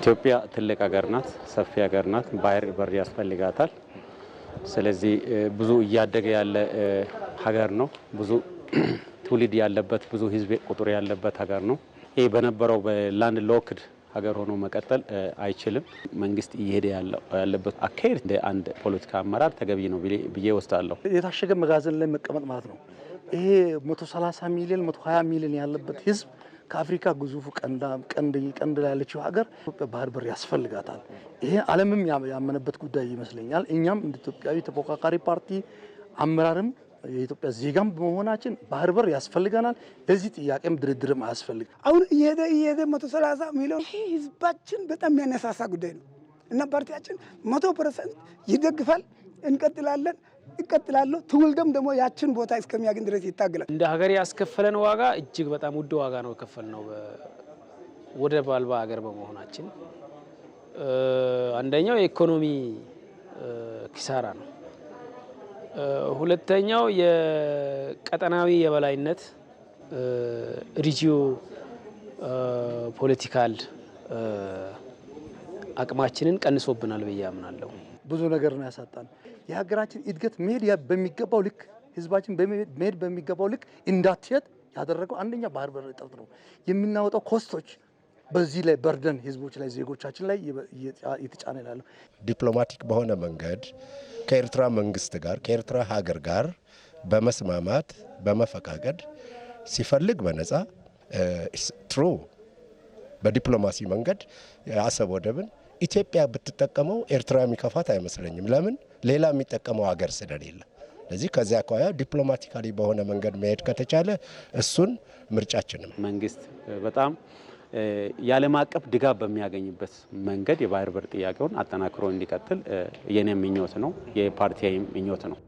ኢትዮጵያ ትልቅ ሀገር ናት፣ ሰፊ ሀገር ናት። ባህር በር ያስፈልጋታል። ስለዚህ ብዙ እያደገ ያለ ሀገር ነው። ብዙ ትውልድ ያለበት ብዙ ህዝብ ቁጥር ያለበት ሀገር ነው። ይህ በነበረው በላንድ ሎክድ ሀገር ሆኖ መቀጠል አይችልም። መንግስት እየሄደ ያለበት አካሄድ እንደ አንድ ፖለቲካ አመራር ተገቢ ነው ብዬ ወስዳለሁ። የታሸገ መጋዘን ላይ መቀመጥ ማለት ነው። ይሄ 130 ሚሊዮን 120 ሚሊዮን ያለበት ህዝብ ከአፍሪካ ግዙፉ ቀንድ ላይ ያለችው ሀገር ኢትዮጵያ ባህር በር ያስፈልጋታል። ይሄ ዓለምም ያመነበት ጉዳይ ይመስለኛል። እኛም እንደ ኢትዮጵያዊ ተፎካካሪ ፓርቲ አመራርም የኢትዮጵያ ዜጋም በመሆናችን ባህር በር ያስፈልገናል። ለዚህ ጥያቄም ድርድርም አያስፈልግ። አሁን እየሄደ እየሄደ መቶ ሰላሳ ሚሊዮን ይህ ህዝባችን በጣም የሚያነሳሳ ጉዳይ ነው እና ፓርቲያችን መቶ ፐርሰንት ይደግፋል። እንቀጥላለን። እቀጥላለሁ። ትውልድም ደግሞ ያችን ቦታ እስከሚያገኝ ድረስ ይታገላል። እንደ ሀገር ያስከፈለን ዋጋ እጅግ በጣም ውድ ዋጋ ነው የከፈልነው ወደብ አልባ ሀገር በመሆናችን። አንደኛው የኢኮኖሚ ኪሳራ ነው። ሁለተኛው የቀጠናዊ የበላይነት ሪጂዮ ፖለቲካል አቅማችንን ቀንሶብናል ብዬ አምናለሁ። ብዙ ነገር ነው ያሳጣል። የሀገራችን እድገት መሄድ በሚገባው ልክ ህዝባችን መሄድ በሚገባው ልክ እንዳትሄድ ያደረገው አንደኛ ባህር በር እጥረት ነው። የምናወጣው ኮስቶች በዚህ ላይ በርደን ህዝቦች ላይ ዜጎቻችን ላይ የተጫነ ይላሉ። ዲፕሎማቲክ በሆነ መንገድ ከኤርትራ መንግስት ጋር ከኤርትራ ሀገር ጋር በመስማማት በመፈቃቀድ ሲፈልግ በነጻ ትሩ በዲፕሎማሲ መንገድ የአሰብ ወደብን ኢትዮጵያ ብትጠቀመው ኤርትራ የሚከፋት አይመስለኝም። ለምን ሌላ የሚጠቀመው ሀገር ስለሌለ። ስለዚህ ከዚያ አኳያ ዲፕሎማቲካሊ በሆነ መንገድ መሄድ ከተቻለ እሱን ምርጫችንም መንግስት በጣም የዓለም አቀፍ ድጋፍ በሚያገኝበት መንገድ የባህር በር ጥያቄውን አጠናክሮ እንዲቀጥል የኔ ምኞት ነው፣ የፓርቲ ምኞት ነው።